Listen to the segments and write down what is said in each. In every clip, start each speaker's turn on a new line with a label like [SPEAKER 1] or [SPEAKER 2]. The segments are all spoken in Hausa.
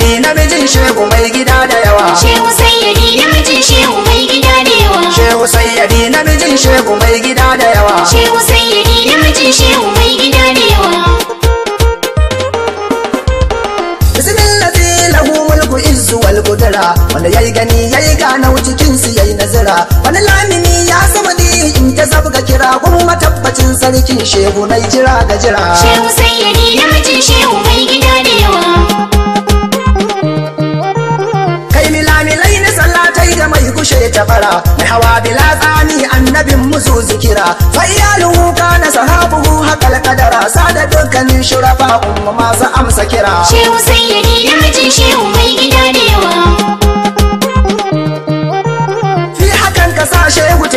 [SPEAKER 1] sayyari namijin shehu mai gida da yawa shehu sayyari namijin shehu mai gida da yawa shehu sayyari namijin shehu mai gida da yawa shehu sayyari namijin shehu mai gida da yawa bismillahi lahu mulku wal wanda yayi gani yayi gana cikin su yayi nazira wani lamini ya sama in ta zabga kira kuma tabbacin sarkin shehu na jira ga jira shehu yadi
[SPEAKER 2] namijin shehu mai
[SPEAKER 1] gida da yawa kushe ta bara mai hawa bila tsani annabin musu zikira wuka kana sahabuhu haƙal kadara sada dukkanin shurafa umma masu amsa kira shehu sayyidi namijin shehu mai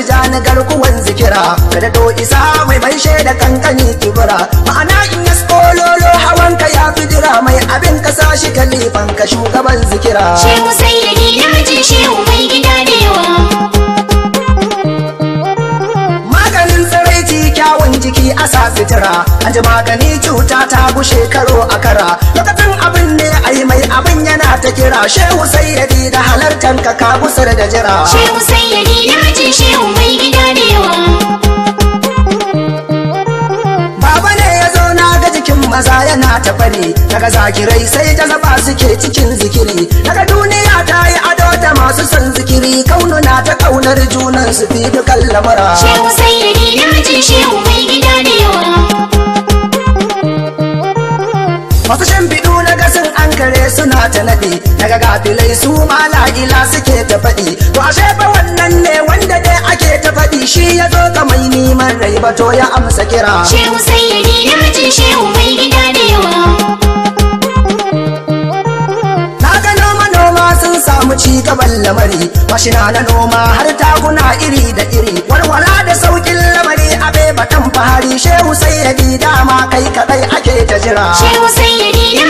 [SPEAKER 1] jani garkuwan zikira ka to isa mai mai shaida kankani kibira ma'ana in ya kololo hawan ka ya fi jira mai abin ka sa shi kalifan ka shugaban zikira shehu sai da ni shehu mai gida da yawa maganin tsiraici kyawun jiki a sa sitira an ji magani cuta ta gushe karo a kara abin yana ta kira shehu sayyadi da halartan ka ka busar da jira shehu sayyadi ya ji shehu mai gida da yawa baba ne ya zo na ga jikin maza yana ta fari daga zakirai sai jazaba suke cikin zikiri daga duniya ta yi ado da masu son zikiri kaununa ta kaunar junan su fi dukan lamura shehu sayyadi ya ji shehu mai gida da yawa masu shan bidu na gasin an kare suna ta naɗi daga gafilai su ma la'ila suke ta faɗi to ashe fa wannan ne wanda dai ake ta faɗi shi ya zo mai neman rai ba to ya amsa kira shehu sai ya sayyidi namijin shehu mai gida da yawa samu ci gaban lamari mashina na noma har taguna iri da iri Warwala da saukin lamari abe batan fahari shehu sai ya bi dama kai kaɗai ake ta jira shehu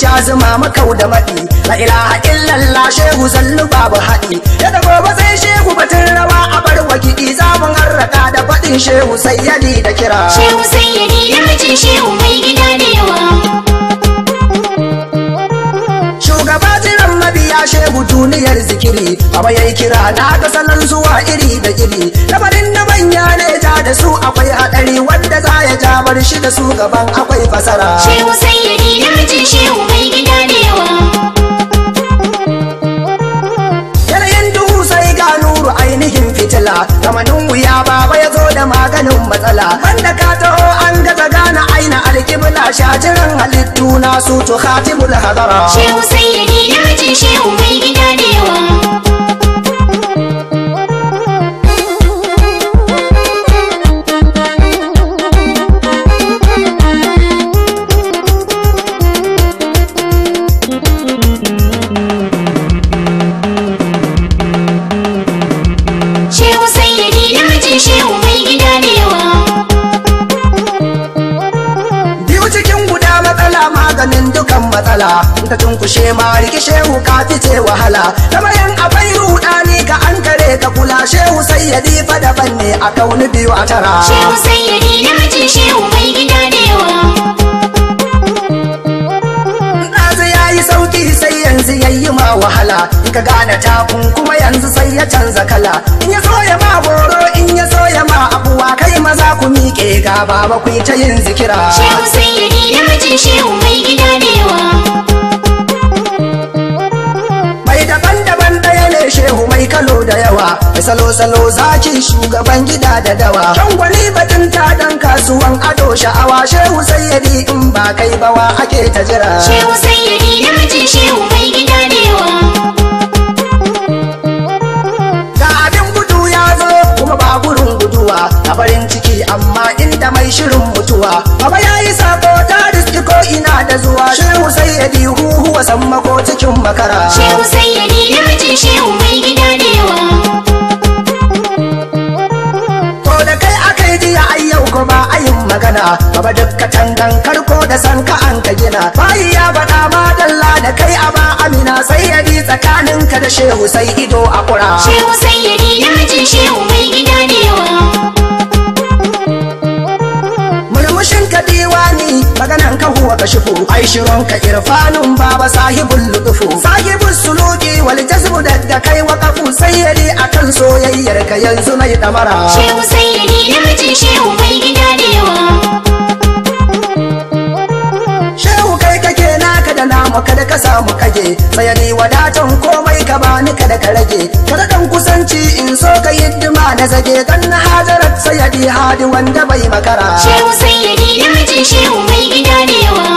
[SPEAKER 1] sha zuma makau da maɗi la ilaha illallah shehu zallu babu haɗi ya da gobe sai shehu batun rawa a bar wakiɗi za mu harraka da faɗin shehu sayyadi da kira shehu sayyadi da mace shehu mai gida da yawa shugaba jiran mabiya shehu duniyar zikiri baba yayi kira na ga salon zuwa iri da iri lamarin da manya ne ta da su akwai haɗari bar shi da su gaban akwai fasara shehu sayyidi dajin shehu mai gida dewa yanayin duhu sai ga nuru ainihin fitila kamanin wuya baba ya zo da maganin matsala wanda ka taho an gaza gana aina alkibla jiran halittu na su tu khatibul hadara shehu sayyidi dajin shehu mai gida wa. matsala in ka tunkushe ma rikishe shehu ka fice wahala kamar yan akwai rudani ka an kare ka kula shehu sayyadi fa da ne a kauni biyu a tara shehu sayyadi namijin shehu mai gida da yawa yanzu yayi ma wahala in ka gane takun kuma yanzu sai ya canza kala in ya soya ya ma boro, in ya soya ya ma abuwa kai maza ku miƙe ga baba ku ta yin zikira shehu ni namijin shehu mai gida da yawa. hu mai kalo da yawa da salo-salo zaki shugaban gida da dawa kyan gwani batun ta dan kasuwan ado sha'awa shehu sayyadi in ba kai bawa ake ta jira shehu sayyadi namijin shehu mai gida da yawa ga abin gudu ya zo kuma ba gurin guduwa a farin ciki amma inda mai shirin mutuwa baba yayi sako ta riski ko ina da zuwa shehu sayyadi huwa san mako cikin makara shehu sayyadi dankar ko da sanka an ka gina bayi ya bada ma dalla da kai a ba amina sai ya bi tsakanin ka da shehu sai ido a kura shehu sai ya bi shehu mai gida da murmushin ka diwani maganan ka huwa ka shifu ai shiron ka irfanun baba sahibul lutufu sahibul suluki wal jazbu da kai wa kafu sayyari akan soyayyar ka yanzu mai damara shehu sai na namijin shehu mai gida da yawa samu kada ka samu kage sayani wadatan komai ka bani kada ka rage kada dan kusanci in so ka yiddima na zage dan na hajarat sayadi hadi wanda bai makara shehu na namijin shehu mai gida ne yawa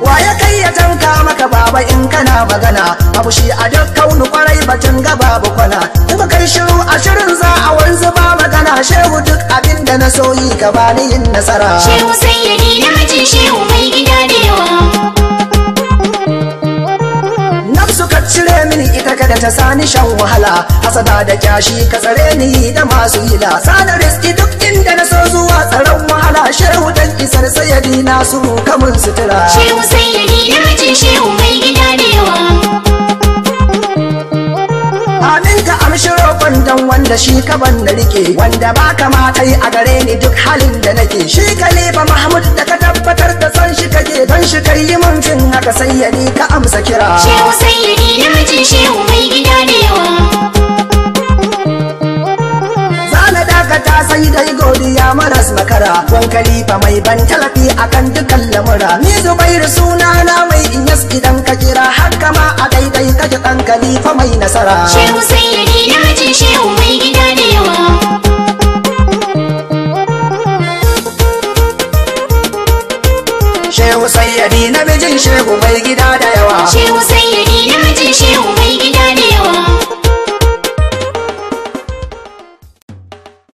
[SPEAKER 1] waya kai ya tanka maka baba in kana magana abu shi a duk kaunu kwarai batun ga babu kwana kuma kai shiru ashirin za a wanzu ba magana shehu duk abin da na soyi ka bani yin nasara shehu na namijin shehu da ta sani shan wahala hasada da kyashi ka tsare ni da masu hila sana riski duk inda na so zuwa tsaron wahala shehu dan isar sayari na su kamun sutura shehu sayari na mace shehu mai gida da yawa amin ka wanda shi ka ban na rike wanda ba kamata yi a gare ni duk halin da nake shi kalifa mahmud da ka tabbatar da son shi Idan don shi kai yi mantin haka sayyadi ka amsa kira shehu sayyadi namijin shehu mai gida da yawa zana dakata sai dai godiya maras makara wan kalifa mai ban talafi akan dukan lamura ni zubairu suna na mai inyas idan ka kira hakka ma a daidai kaje dan kalifa mai nasara shehu sayyadi namijin shehu mai gida shehu sayyadi namijin shehu mai gida da yawa shehu sayyadi namijin shehu